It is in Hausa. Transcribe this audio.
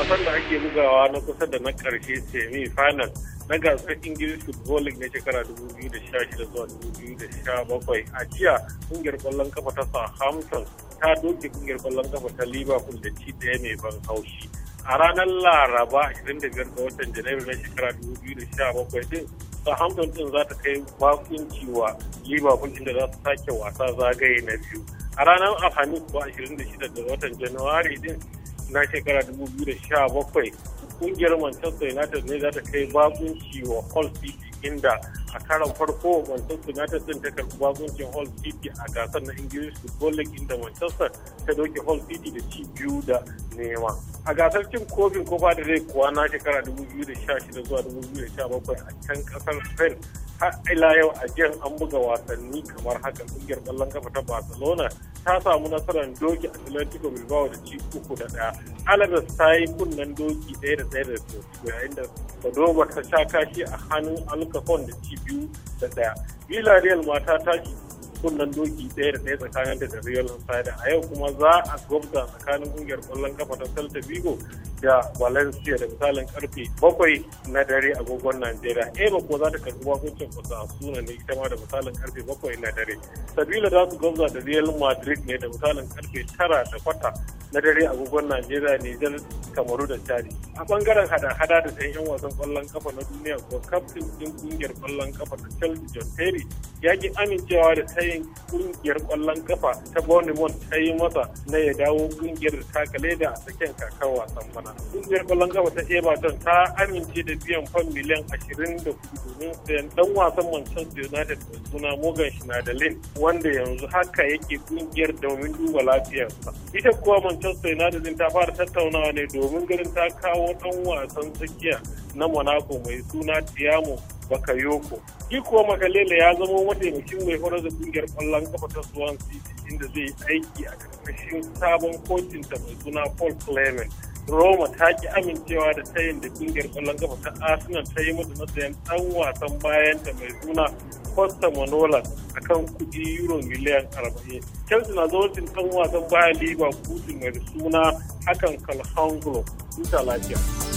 wasan da ake bugawa na kusa da na karshe semi final na gasar English Football League na shekara 2016 zuwa 2017 a jiya kungiyar kwallon kafa ta Southampton ta doke kungiyar kwallon kafa ta Liverpool da ci daya mai ban haushi. A ranar Laraba 25 ga watan Janairu na shekara 2017 din Southampton din za ta kai bakunci wa Liverpool inda za su sake wasa zagaye na biyu. A ranar Alhamis ba 26 ga watan Januwari din na shekara 2017 kungiyar manchester united ne za ta kai bakunci wa hall city inda a karan farko manchester united din ta karbi bakuncin hall city a gasar na english football league inda manchester ta doke hall city da ci biyu da nema a gasar cin kofin kofa da rai kuwa na shekara 2016 zuwa 2017 a can kasar spain ila yau a jiyar an buga wasanni kamar haka kungiyar ƙwallon kafa ta barcelona ta samu nasarar doki atlantico bilbao da ci uku da ɗaya alabes ta yi kunnen doki ɗaya da ɗaya da tokiyo yayin da cordoba ta sha kashi a hannun alcafon da ci biyu da ɗaya villarreal mata ta ci kunnen doki ɗaya da ɗaya tsakanin da real sada a yau kuma za a gwabta tsakanin kungiyar ƙwallon kafa ta celta vigo da Valencia da misalin karfe bakwai na dare agogon Najeriya. Eba eh, ko za ta karbi kusa a suna ne ita ma da misalin karfe bakwai na dare. Sabila za su gwamza da Real Madrid ne da misalin karfe tara da kwata na dare a agogon Najeriya Nijar Kamaru da Chadi. A bangaren hada-hada da sayan 'yan wasan kwallon kafa na duniya ko kaftin din kungiyar kwallon kafa da Chelsea John Terry ya ki amincewa da sayin kungiyar kwallon kafa ta Bournemouth ta yi masa na ya dawo kungiyar da taka da a tsakiyar kakan wasan bana. Ƙungiyar ƙwallon ƙafa ta Everton ta amince da biyan fan miliyan da 24 domin sayan ɗan wasan Manchester United mai suna Morgan Schneiderlin wanda yanzu haka yake ƙungiyar domin duba lafiyarsa. Ita kuwa Manchester United ta fara tattaunawa ne domin ganin ta kawo ɗan wasan tsakiya na Monaco mai suna Tiamo Bakayoko. Shi kuwa Makalele ya zama mataimakin mai horar da ƙungiyar ƙwallon ƙafa ta Swansea inda zai yi aiki a ƙarƙashin sabon kocinta mai suna Paul Clement. Roma ta ki amincewa da tayin da kungiyar kwallon gaba ta Arsenal ta yi musu matsayin ɗan wasan bayanta mai suna Costa Manola a kan kuɗi euro miliyan 40. Chelsea na zaucin ɗan wasan bayan Liverpool mai suna hakan Calhangulo. Huta lafiya.